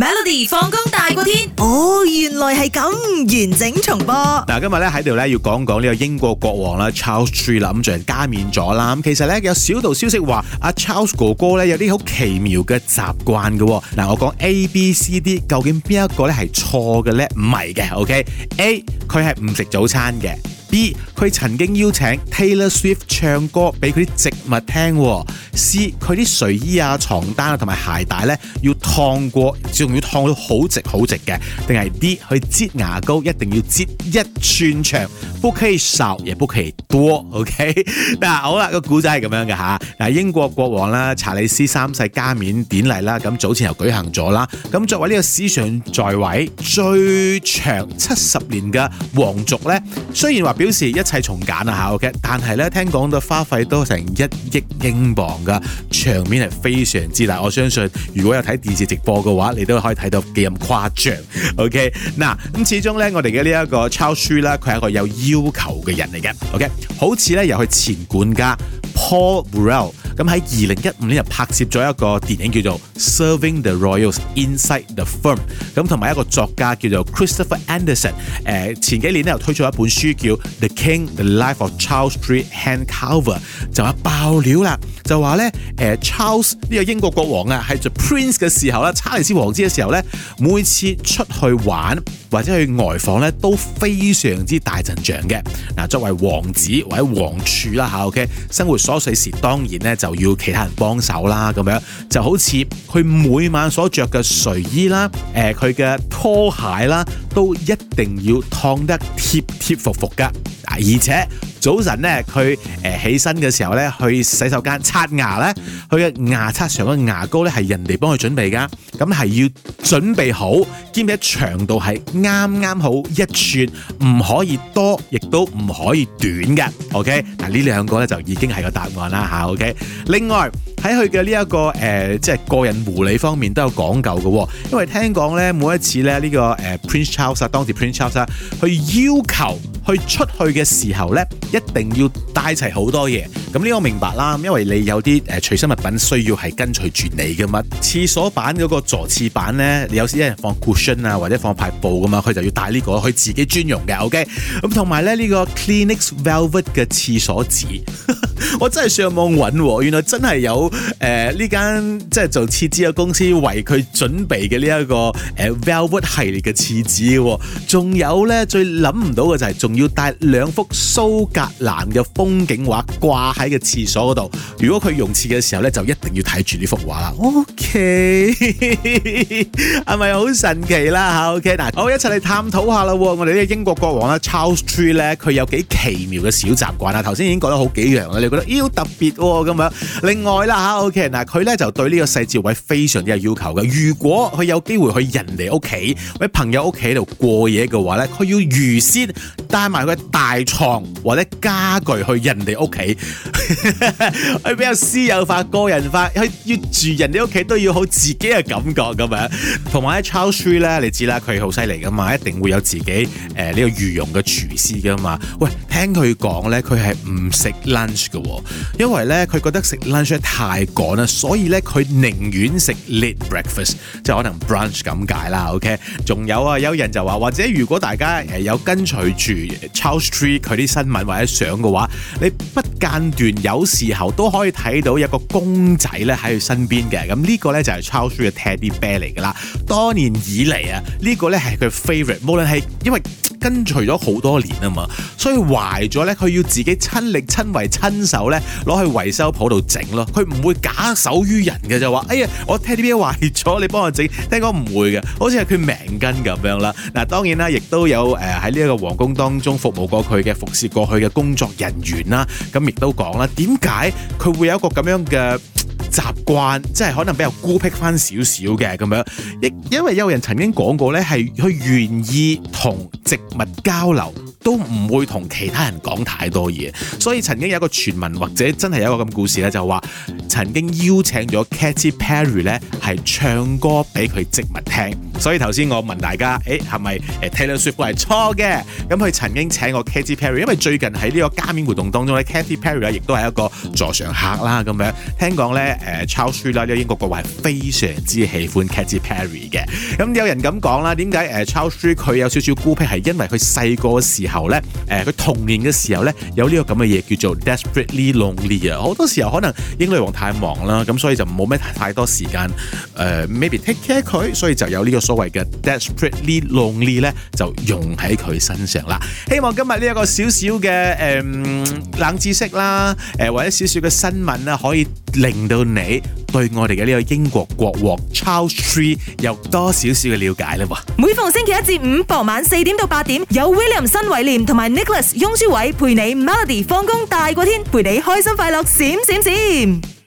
Melody 放工大過天，哦，原來係咁，完整重播。嗱，今日咧喺度咧要講講呢個英國國王啦，Charles Three 啦，咁最近加冕咗啦，咁其實咧有小道消息話阿 Charles 哥哥咧有啲好奇妙嘅習慣嘅。嗱，我講 A B C D，究竟邊一個咧係錯嘅咧？唔係嘅，OK，A 佢係唔食早餐嘅。B 佢曾經邀請 Taylor Swift 唱歌俾佢啲植物聽，哦，C 佢啲睡衣啊、床單啊同埋鞋帶呢，要燙過，仲要燙到好直好直嘅，定係 D 佢擠牙膏一定要擠一寸長，不可以少亦不可以多，OK 嗱好啦，個古仔係咁樣嘅。嚇，嗱英國國王啦，查理斯三世加冕典禮啦，咁早前又舉行咗啦，咁作為呢個史上在位最長七十年嘅皇族呢，雖然話。表示一切從簡啊，嚇，O K。但係咧，聽講到花費多成一億英鎊噶場面係非常之大，我相信如果有睇電視直播嘅話，你都可以睇到幾咁誇張，O K。嗱、okay，咁始終咧，我哋嘅呢一個 Charles 三世啦，佢係一個有要求嘅人嚟嘅，O K。Okay? 好似咧又去前管家 Paul Burrell 咁喺二零一五年又拍攝咗一個電影叫做《Serving the Royals Inside the Firm》，咁同埋一個作家叫做 Christopher Anderson，誒、呃、前幾年咧又推出一本書叫《The King: The Life of Charles III》，Handcover 就話爆料啦，就話呢：呃「誒 Charles 呢個英國國王啊，喺做 Prince 嘅時候啦，查理斯王子嘅時候呢，每次出去玩或者去外訪呢都非常之大陣仗嘅。嗱，作為王子或者王儲啦嚇，OK，生活瑣碎事當然呢。就。又要其他人幫手啦，咁樣就好似佢每晚所着嘅睡衣啦，誒，佢嘅拖鞋啦，都一定要燙得貼貼服服㗎，啊！而且早晨呢，佢誒起身嘅時候呢，去洗手間刷牙呢，佢嘅牙刷上嘅牙膏呢，係人哋幫佢準備㗎，咁係要準備好，兼且長度係啱啱好一寸，唔可以多，亦都唔可以短嘅。OK，嗱呢兩個呢就已經係個答案啦嚇。OK，另外。喺佢嘅呢一個誒、呃，即係個人護理方面都有講究嘅、哦，因為聽講呢，每一次呢，呢、這個誒、呃、Prince Charles 當地 Prince Charles，佢要求佢出去嘅時候呢，一定要帶齊好多嘢。咁呢個明白啦，因為你有啲誒、呃、隨身物品需要係跟隨住你嘅嘛。廁所板嗰個坐廁板呢，你有時一人放 cushion 啊，或者放塊布嘅嘛，佢就要帶呢、這個，佢自己專用嘅。OK，咁同埋咧呢、這個 Kleenex Velvet 嘅廁所紙。 我真係上網搵，原來真係有誒呢間即係做廁紙嘅公司為佢準備嘅呢一個誒、呃、Velvet 系列嘅廁紙，仲有呢，最諗唔到嘅就係仲要帶兩幅蘇格蘭嘅風景畫掛喺個廁所嗰度。如果佢用廁嘅時候呢，就一定要睇住呢幅畫啦。O K，係咪好神奇啦吓？O K，嗱，好，一齊嚟探討下啦。我哋呢個英國國王咧 Charles Three 咧，佢有幾奇妙嘅小習慣啊。頭先已經講咗好幾樣啦。覺得咦好、欸、特別喎、哦、咁樣。另外啦嚇，OK，嗱佢咧就對呢個細節位非常之有要求嘅。如果佢有機會去人哋屋企，或者朋友屋企度過夜嘅話咧，佢要預先帶埋佢大床或者家具去人哋屋企。佢 比較私有化、個人化，去要住人哋屋企都要好自己嘅感覺咁樣。同埋喺 Charles Three 咧，你知啦，佢好犀利㗎嘛，一定會有自己誒呢、呃這個御用嘅廚師㗎嘛。喂，聽佢講咧，佢係唔食 lunch 嘅，因為咧佢覺得食 lunch 太趕啦，所以咧佢寧願食 late breakfast，即係可能 brunch 咁解啦。OK，仲有啊，有人就話，或者如果大家誒有跟隨住 Charles Three 佢啲新聞或者相嘅話，你不間斷。有時候都可以睇到一個公仔咧，喺佢身邊嘅，咁呢個咧就係 Charles 三世嘅 Teddy Bear 嚟㗎啦。多年以嚟啊，呢、呢個咧係佢 favorite，無論係因為。跟隨咗好多年啊嘛，所以壞咗呢，佢要自己親力親為，親手呢，攞去維修鋪度整咯，佢唔會假手於人嘅，就話哎呀，我 T V 壞咗，你幫我整，聽講唔會嘅，好似係佢命根咁樣啦。嗱、啊，當然啦，亦都有誒喺呢一個皇宮當中服務過佢嘅服侍過去嘅工作人員啦，咁、啊、亦、嗯、都講啦，點解佢會有一個咁樣嘅？習慣即係可能比較孤僻翻少少嘅咁樣，因為有人曾經講過呢係佢願意同植物交流，都唔會同其他人講太多嘢，所以曾經有一個傳聞，或者真係有一個咁故事咧，就話。曾經邀請咗 Katy Perry 咧係唱歌俾佢植物聽，所以頭先我問大家、欸是是，誒係咪誒 Taylor Swift 係錯嘅？咁佢曾經請過 Katy Perry，因為最近喺呢個加冕活動當中咧，Katy Perry 亦都係一個座上客啦咁樣。聽講咧誒 Charles III 呢個英國國王係非常之喜歡 Katy Perry 嘅。咁有人咁講啦，點解誒 Charles III 佢有少少孤僻，係因為佢細個時候咧，誒佢童年嘅時候咧有呢個咁嘅嘢叫做 desperately lonely 啊，好多時候可能英女王。太忙啦，咁所以就冇咩太多時間誒、呃、maybe take care 佢，所以就有呢個所謂嘅 desperately lonely 咧，就用喺佢身上啦。希望今日呢一個小小嘅誒、嗯、冷知識啦，誒、呃、或者小小嘅新聞啦，可以令到你對我哋嘅呢個英國國王 Charles Three 有多少少嘅了解啦喎。每逢星期一至五傍晚四點到八點，有 William 新偉廉同埋 Nicholas 雍書偉陪你 Melody 放工大過天，陪你開心快樂閃閃閃。